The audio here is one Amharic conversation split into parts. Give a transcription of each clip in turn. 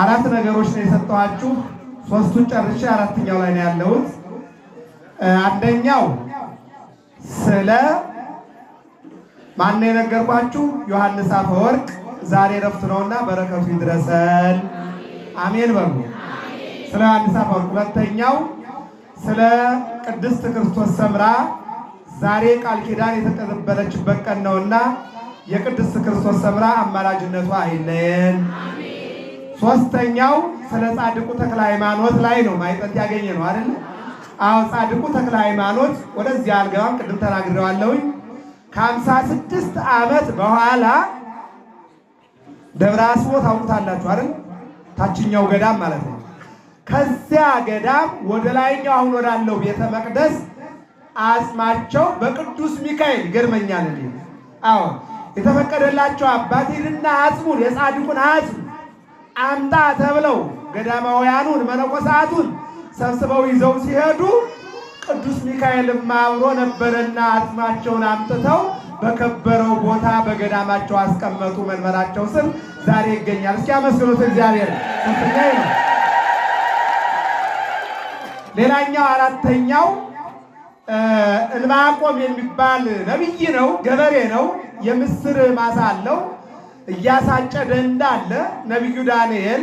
አራት ነገሮች ነው የሰጠኋችሁ። ሶስቱን ጨርሼ አራተኛው ላይ ነው ያለሁት። አንደኛው ስለ ማነው የነገርኳችሁ? ዮሐንስ አፈወርቅ ዛሬ ረፍት ነውና በረከቱ ይድረሰን፣ አሜን በሉ። ስለ ዮሐንስ አፈወርቅ። ሁለተኛው ስለ ቅድስት ክርስቶስ ሰምራ ዛሬ ቃል ኪዳን የተቀበለችበት ቀን ነውና የቅድስት ክርስቶስ ሰምራ አማላጅነቷ አይለየን። ሶስተኛው ስለ ጻድቁ ተክለ ሃይማኖት ላይ ነው። ማይጠት ያገኘ ነው አይደለ? አዎ ጻድቁ ተክለ ሃይማኖት ወደዚህ አልገባም፣ ቅድም ተናግሬዋለሁኝ። ከሀምሳ ስድስት ዓመት በኋላ ደብረ አስቦ ታውቁታላችሁ አይደል? ታችኛው ገዳም ማለት ነው። ከዚያ ገዳም ወደ ላይኛው አሁን ወዳለው ቤተ መቅደስ አጽማቸው በቅዱስ ሚካኤል ይገርመኛል። አዎ የተፈቀደላቸው አባት ሂድና አጽሙን የጻድቁን አጽሙ አምጣ ተብለው ገዳማውያኑን መነኮሳቱን ሰብስበው ይዘው ሲሄዱ ቅዱስ ሚካኤልም አብሮ ነበረና አጽማቸውን አምጥተው በከበረው ቦታ በገዳማቸው አስቀመጡ። መንበራቸው ስም ዛሬ ይገኛል። እስኪ አመስግኑት እግዚአብሔር። ሌላኛው አራተኛው እልማቆም የሚባል ነብይ ነው። ገበሬ ነው። የምስር ማሳ አለው። እያሳጨ ደንዳ አለ ነቢዩ ዳንኤል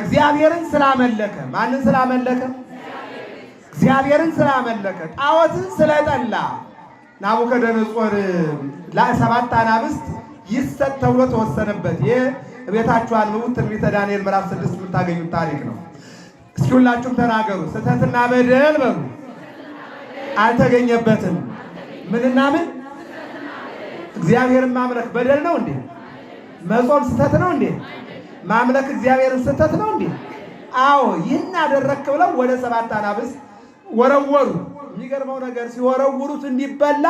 እግዚአብሔርን ስላመለከ ማንን ስላመለከ? እግዚአብሔርን ስላመለከ ጣዖትን ስለጠላ ናቡከደነጾር ለሰባት አናብስት ይሰጥ ተብሎ ተወሰነበት። ይህ ቤታችኋን ምሁት ትንቢተ ዳንኤል ምዕራፍ ስድስት የምታገኙት ታሪክ ነው። እስኪ ሁላችሁም ተናገሩ። ስህተትና በደል በሩ አልተገኘበትም። ምንና ምን? እግዚአብሔርን ማምለክ በደል ነው እንዴ? መጾም ስህተት ነው እንዴ? ማምለክ እግዚአብሔርን ስህተት ነው እንዴ? አዎ ይህን አደረክ ብለው ወደ ሰባት አናብስት ወረወሩ። የሚገርመው ነገር ሲወረውሩት እንዲበላ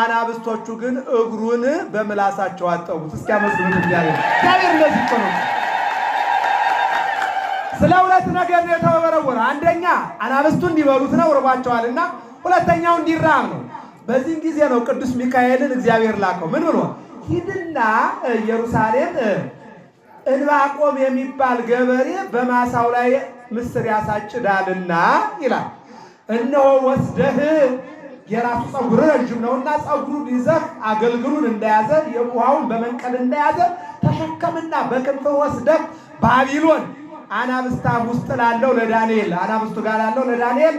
አናብስቶቹ ግን እግሩን በምላሳቸው አጠቡት። እስኪያመስሉ እግዚአብሔር እግዚአብሔር እንደዚህ ነው። ስለ ሁለት ነገር ነው የተወረወረ። አንደኛ አናብስቱ እንዲበሉት ነው እና ሁለተኛው እንዲራም ነው። በዚህም ጊዜ ነው ቅዱስ ሚካኤልን እግዚአብሔር ላከው። ምን ብሎ ሂድና ኢየሩሳሌም እንባቆም የሚባል ገበሬ በማሳው ላይ ምስር ያሳጭዳልና ይላል። እነሆ ወስደህ የራሱ ፀጉር ረዥም ነውና ፀጉሩን ይዘህ አገልግሉን እንደያዘ የውሃውን በመንቀል እንደያዘ ተሸከምና በክንፍህ ወስደህ ባቢሎን አናብስታም ውስጥ ላለው ለዳንኤል አናብስቱ ጋር ላለው ለዳንኤል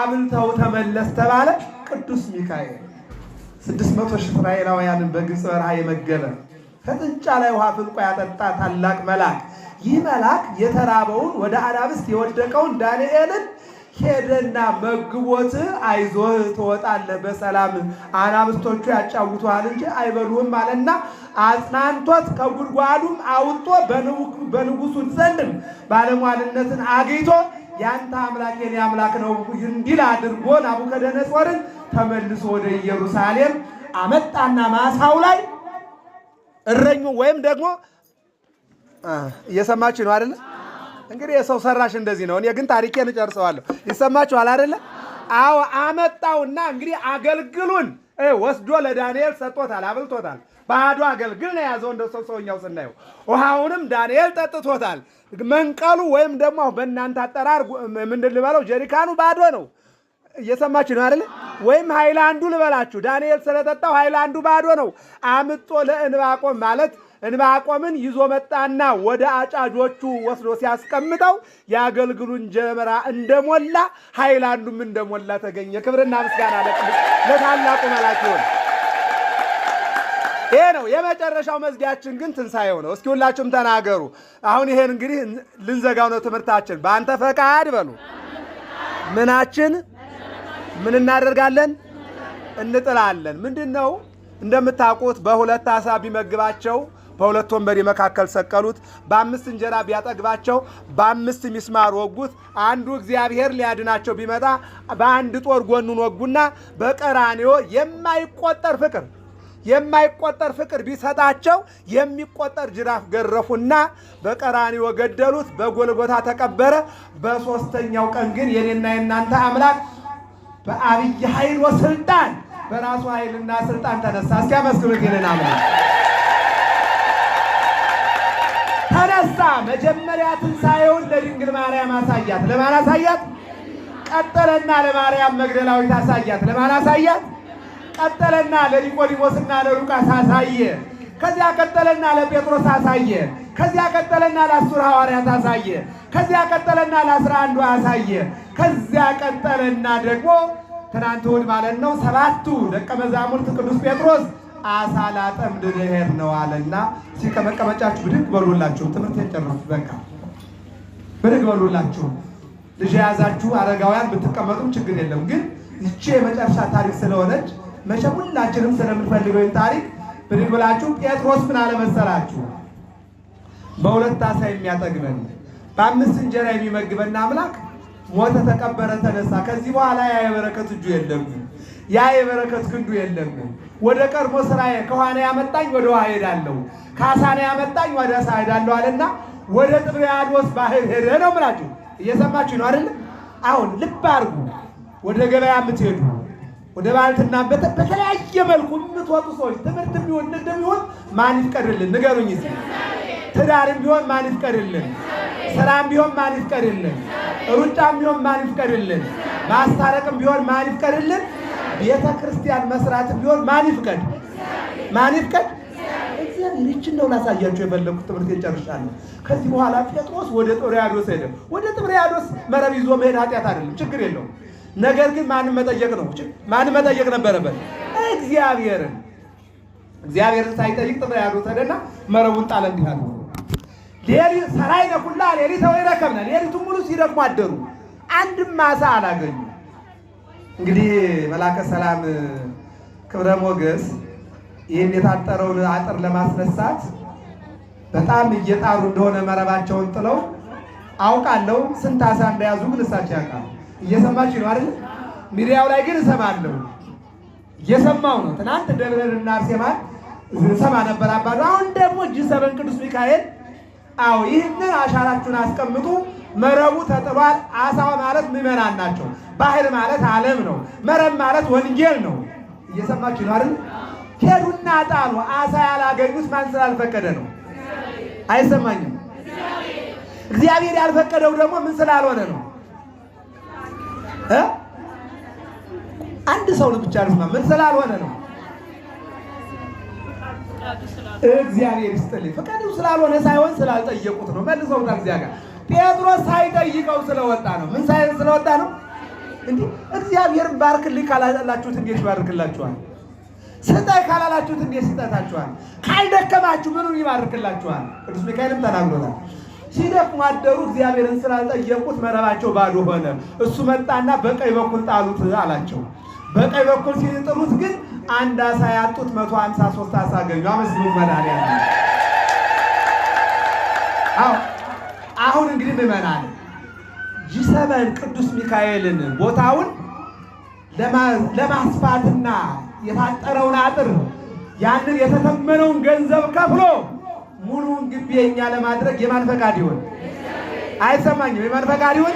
አብልተው ተመለስ ተባለ። ቅዱስ ሚካኤል ስድስት መቶ ሺህ እስራኤላውያንን በግብፅ በረሃ የመገበ ከጥንጫ ላይ ውሃ ፍልቆ ያጠጣ ታላቅ መልአክ። ይህ መልአክ የተራበውን ወደ አናብስት የወደቀውን ዳንኤልን ሄደና መግቦት፣ አይዞህ ትወጣለህ በሰላም አናብስቶቹ ያጫውቱሃል እንጂ አይበሉህም አለና አጽናንቶት ከጉድጓዱም አውጥቶ በንጉሱ ዘንድም ባለሟልነትን አግኝቶ ያንተ አምላክ የኔ አምላክ ነው እንዲል አድርጎ ናቡከደነጾርን ተመልሶ ወደ ኢየሩሳሌም አመጣና ማሳው ላይ እረኙ ወይም ደግሞ እየሰማችሁ ነው አይደለ? እንግዲህ የሰው ሰራሽ እንደዚህ ነው። እኔ ግን ታሪኬን እጨርሰዋለሁ። ይሰማችኋል አይደለ? አዎ አመጣውና እንግዲህ አገልግሉን ወስዶ ለዳንኤል ሰጥቶታል፣ አብልቶታል። ባዶ አገልግል ነው የያዘው። እንደ ሰው ሰውኛው ስናየው ውሃውንም ዳንኤል ጠጥቶታል። መንቀሉ ወይም ደግሞ በእናንተ አጠራር ምንድን ልበለው ጀሪካኑ ባዶ ነው። እየሰማችሁ ነው አይደል? ወይም ሃይላንዱ ልበላችሁ፣ ዳንኤል ስለጠጣው ሃይላንዱ ባዶ ነው። አምጦ ለእንባቆም ማለት እንባቆምን ይዞ መጣና ወደ አጫጆቹ ወስዶ ሲያስቀምጠው የአገልግሉን ጀመራ እንደሞላ ሃይላንዱም እንደሞላ ተገኘ። ክብርና ምስጋና ለታላቁ መላክ ይሄ ነው የመጨረሻው መዝጊያችን፣ ግን ትንሣኤው ነው። እስኪ ሁላችሁም ተናገሩ። አሁን ይሄን እንግዲህ ልንዘጋው ነው ትምህርታችን። በአንተ ፈቃድ በሉ ምናችን ምን እናደርጋለን? እንጥላለን። ምንድን ነው? እንደምታውቁት በሁለት ዓሣ ቢመግባቸው በሁለት ወንበር መካከል ሰቀሉት። በአምስት እንጀራ ቢያጠግባቸው በአምስት ሚስማር ወጉት። አንዱ እግዚአብሔር ሊያድናቸው ቢመጣ በአንድ ጦር ጎኑን ወጉና በቀራንዮ የማይቆጠር ፍቅር የማይቆጠር ፍቅር ቢሰጣቸው የሚቆጠር ጅራፍ ገረፉና በቀራንዮ ገደሉት። በጎልጎታ ተቀበረ። በሦስተኛው ቀን ግን የኔና የናንተ አምላክ በአብይ ኃይል ወስልጣን በራሱ ኃይልና ስልጣን ተነሳ። እስኪ አመስግኑት ይልን አምላክ ተነሳ። መጀመሪያ ትንሣኤውን ለድንግል ማርያም አሳያት። ለማን አሳያት? ቀጠለና ለማርያም መግደላዊት አሳያት። ለማን አሳያት? ቀጠለና ለኒቆዲሞስና ለሉቃስ አሳየ። ከዚያ ቀጠለና ለጴጥሮስ አሳየ። ከዚያ ቀጠለና ለአስሩ ሐዋርያት አሳየ። ከዚያ ቀጠለና ለአስራ አንዱ አሳየ። ከዚያ ቀጠለና ደግሞ ትናንት እሑድ ማለት ነው ሰባቱ ደቀ መዛሙርት ቅዱስ ጴጥሮስ አሳ ላጠምድ ልሄድ ነው አለና እስኪ ከመቀመጫችሁ ብድግ በሉላችሁ። ትምህርት የጨረሱት በቃ ብድግ በሉላችሁ። ልጅ የያዛችሁ አረጋውያን ብትቀመጡም ችግር የለም። ግን ይቺ የመጨረሻ ታሪክ ስለሆነች መቼም ሁላችንም ስለምንፈልገው ታሪክ ብድግ ብላችሁ ጴጥሮስ ምን አለመሰላችሁ? በሁለት አሳ የሚያጠግበን በአምስት እንጀራ የሚመግበን አምላክ ሞተ፣ ተቀበረ፣ ተነሳ። ከዚህ በኋላ ያ የበረከት እጁ የለም፣ ያ የበረከት ክንዱ የለም። ወደ ቀድሞ ስራዬ ከዋና ያመጣኝ ወደ ውሃ ሄዳለሁ፣ ከአሳና ያመጣኝ ወደ አሳ ሄዳለሁ አለና ወደ ጥብርያዶስ ባህር ሄደ ነው ብላችሁ እየሰማችሁ ነው አይደል? አሁን ልብ አድርጉ። ወደ ገበያ የምትሄዱ ወደ ባልትና በተለያየ መልኩ የምትወጡ ሰዎች ትምህርት ቢሆን ንግድ ቢሆን ማን ይፍቀድልን? ንገሩኝ። እስኪ ትዳርም ቢሆን ማን ይፍቀድልን? ስራም ቢሆን ማን ይፍቀድልን? ሩጫም ቢሆን ማን ይፍቀድልን? ማስታረቅም ቢሆን ማን ይፍቀድልን? ቤተ ክርስቲያን መስራትም ቢሆን ማን ይፍቀድ? ማን ይፍቀድ? እግዚአብሔር ይችን ነው ላሳያችሁ የፈለኩት። ትምህርት የጨርሻለሁ። ከዚህ በኋላ ጴጥሮስ ወደ ጦሪያዶስ ሄደ። ወደ ጦሪያዶስ መረብ ይዞ መሄድ ኃጢአት አይደለም፣ ችግር የለውም። ነገር ግን ማን መጠየቅ ነው ማን መጠየቅ ነበረበት እግዚአብሔርን እግዚአብሔርን ሳይጠይቅ ጥፍር ያሉት ሄደና መረቡን ጣለ እንዲህ አሉ ሌሊት ሰራይነ ኩላ ሌሊ ወይ ረከብነ ሌሊቱ ሙሉ ሲደክሙ አደሩ አንድም አሳ አላገኙ እንግዲህ መላከ ሰላም ክብረ ሞገስ ይህን የታጠረውን አጥር ለማስነሳት በጣም እየጣሩ እንደሆነ መረባቸውን ጥለው አውቃለሁ ስንት አሳ እንደያዙ ግን እሳቸው ያውቃሉ እየሰማች ነው አይደል? ሚዲያው ላይ ግን እሰማለሁ፣ እየሰማው ነው። ትናንት ደብረንና አርሴማ ሰማ ነበር አባሉ። አሁን ደግሞ ጂ ሰበን ቅዱስ ሚካኤል አዎ፣ ይህንን አሻራችሁን አስቀምጡ። መረቡ ተጥሏል። አሳዋ ማለት ምዕመናን ናቸው። ባህር ማለት ዓለም ነው። መረብ ማለት ወንጌል ነው። እየሰማችሁ ነው አይደል? ሄዱና ጣሉ። አሳ ያላገኙት ማን ስላልፈቀደ ነው? አይሰማኝም። እግዚአብሔር ያልፈቀደው ደግሞ ምን ስላልሆነ ነው? አንድ ሰው ብቻ አልስማ ምን ስላልሆነ ነው? እግዚአብሔር ይስጥልኝ። ፈቃዱ ስላልሆነ ሳይሆን ስላልጠየቁት ነው። መልሰውታል። እዚያ ጋር ጴጥሮስ ሳይጠይቀው ስለወጣ ነው። ምን ሳይሆን ስለወጣ ነው። እንዲህ እግዚአብሔር ባርክልኝ ካላላችሁት እንዴት ይባርክላችኋል? ስጠይ ካላላችሁት እንዴት ይሰጣችኋል? ካልደከማችሁ ምኑን ይባርክላችኋል? ቅዱስ ሚካኤልም ተናግሮታል። ሲደክሙ አደሩ። እግዚአብሔርን ስላልጠየቁት መረባቸው ባዶ ሆነ። እሱ መጣና በቀኝ በኩል ጣሉት አላቸው። በቀኝ በኩል ሲጥሉት ግን አንድ አሳ ያጡት መቶ ሀምሳ ሶስት አሳ ገኙ። አመስሉ አዎ አሁን እንግዲህ ምመናል ይሰበን ቅዱስ ሚካኤልን ቦታውን ለማስፋትና የታጠረውን አጥር ያንን የተተመነውን ገንዘብ ከፍሎ ሙሉውን ግቢ የኛ ለማድረግ የማን ፈቃድ ይሆን? አይሰማኝም። የማን ፈቃድ ይሁን?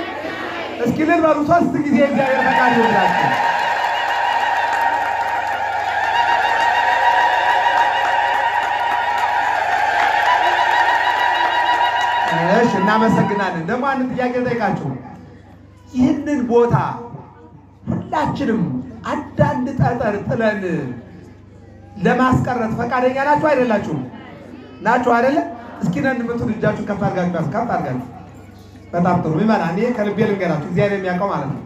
እስኪ ልል በሉ ሶስት ጊዜ እግዚአብሔር ፈቃድ ይሁን ብላችሁ እሺ። እናመሰግናለን። ደግሞ አንድ ጥያቄ ጠይቃችሁ ይህንን ቦታ ሁላችንም አንዳንድ ጠጠር ጥለን ለማስቀረት ፈቃደኛ ናችሁ አይደላችሁም? ናችሁ አይደለ? እስኪ ነን ምቱን እጃችሁ ከፍ አድርጋችሁ ከፍ አድርጋችሁ። በጣም ጥሩ ይመላ። እኔ ከልቤ ልንገራችሁ፣ እግዚአብሔር የሚያውቀው ማለት ነው።